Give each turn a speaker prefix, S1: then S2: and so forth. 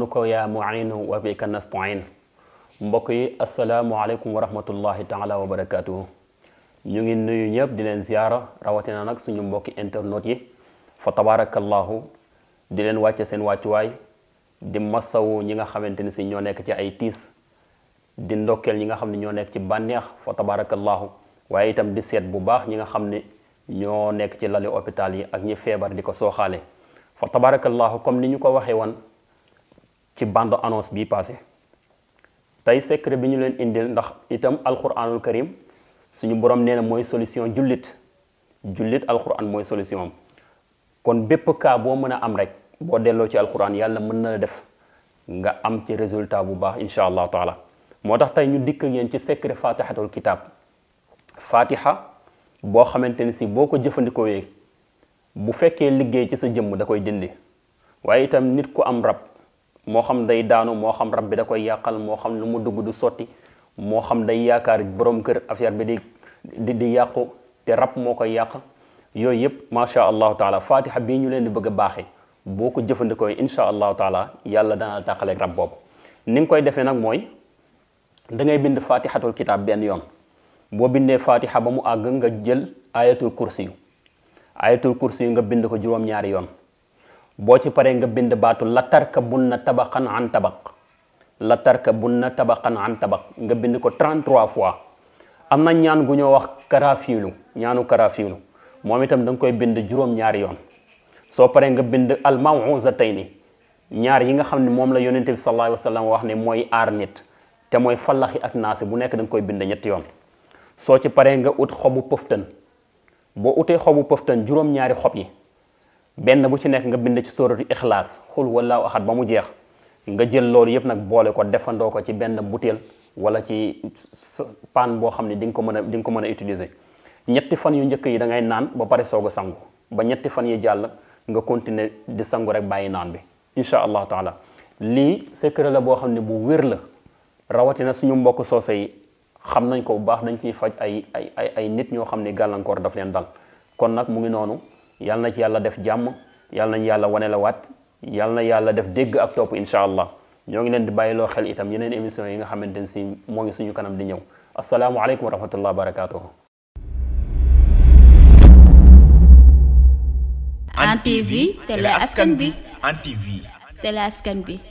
S1: نكو يا معين وبك نستعين مبكي السلام عليكم ورحمة الله تعالى وبركاته نيغي نيو نيب دي لين زياره رواتينا نك سونو مبكي انترنت يي فتبارك الله دين لين واتي سين واتي واي دي مساو نيغا خامتيني سي نيو نيك تي اي تيس دي ندوكل نيغا خامني نيو نيك بانيخ فتبارك الله واي تام دي سيت بو باخ نيغا خامني نيو نيك تي لالي اوبيتال فيبر ديكو سوخالي فتبارك الله كوم ني كو واخي ci bande annonce bi passé tay secret bi ñu leen indil ndax itam alcorane karim suñu borom neena moy solution julit julit alcorane moy solution am kon bépp ka bo mën am rek bo delo ci alcorane yàlla mën la def nga am ci résultat bu baax inshallah taala motax tay ñu dik ak yéen ci secret fatihatul kitab fatiha bo xamanteni si boko jëfëndiko wé bu fekkee liggéey ci sa jëm da koy dindi waye itam nit ku am rab moo xam day daanu moo xam rab bi da koy yàqal moo xam lu mu dugg du sotti moo xam day yaakaar borom kër affaire bi di di yàqu te rab moo koy yàq yooyu yëpp macha allahu taala fatiha bi ñu leen di bëgg a baaxee boo ko jëfandikoo incha allahu taala yàlla dana tàqaleeg rab boobu ni nga koy defee nag mooy da ngay bind fatihatul kitaab benn yoon boo bindee fatiha ba mu àgg nga jël ayatul kursi yu ayatul kursi yu nga bind ko juróom-ñaari yoon boo ci paree nga bind baatu la tarka bunna tabaqan an tabaq la tarka bunna tabaqan an tabaq nga bind ko 33 fois am na ñaan gu ñoo wax karafilu ñaanu karafilu moom itam da nga koy bind juróom-ñaari yoon soo paree nga bind al mawuzatayni ñaar yi nga xam ne moom la yonente bi sallallahu alayhi wa wax ne mooy aar nit te mooy fallaxi ak naasi bu nekk da nga koy bind ñetti yoon soo ci paree nga ut xobu pëftan boo utee xobu pëftan juróom-ñaari xob yi benn bu ci nekk nga bind ci sóoratu ixlaas xul wallaahu axad ba mu jeex nga jël loolu yëpp nag boole ko defandoo ko ci benn butéel wala ci paan boo xam ne di nga ko mën a di nga ko mën a utiliser ñetti fan yu njëkk yi da ngay naan ba pare soog a sangu ba ñetti fan yi jàll nga continuer di sangu rek bàyyi naan bi incha allahu taala lii secret la boo xam ne bu wér la rawatina suñu mbokk soose yi xam nañ ko bu baax dañ ciy faj ay ay ay ay nit ñoo xam ne gàllankoor daf leen dal kon nag mu ngi noonu yalna ci yàlla def jam yalna nañu yàlla wane la waat yal yàlla def dégg ak top inshallah allah ñoo ngi leen di bàyyiloo xel itam yeneen émission yi nga xamante ne si moo ngi suñu kanam di ñëw asalaamualeykum wa rahmatullah barakatuhu
S2: Hann TV télé askan
S1: bi Hann télé askan bi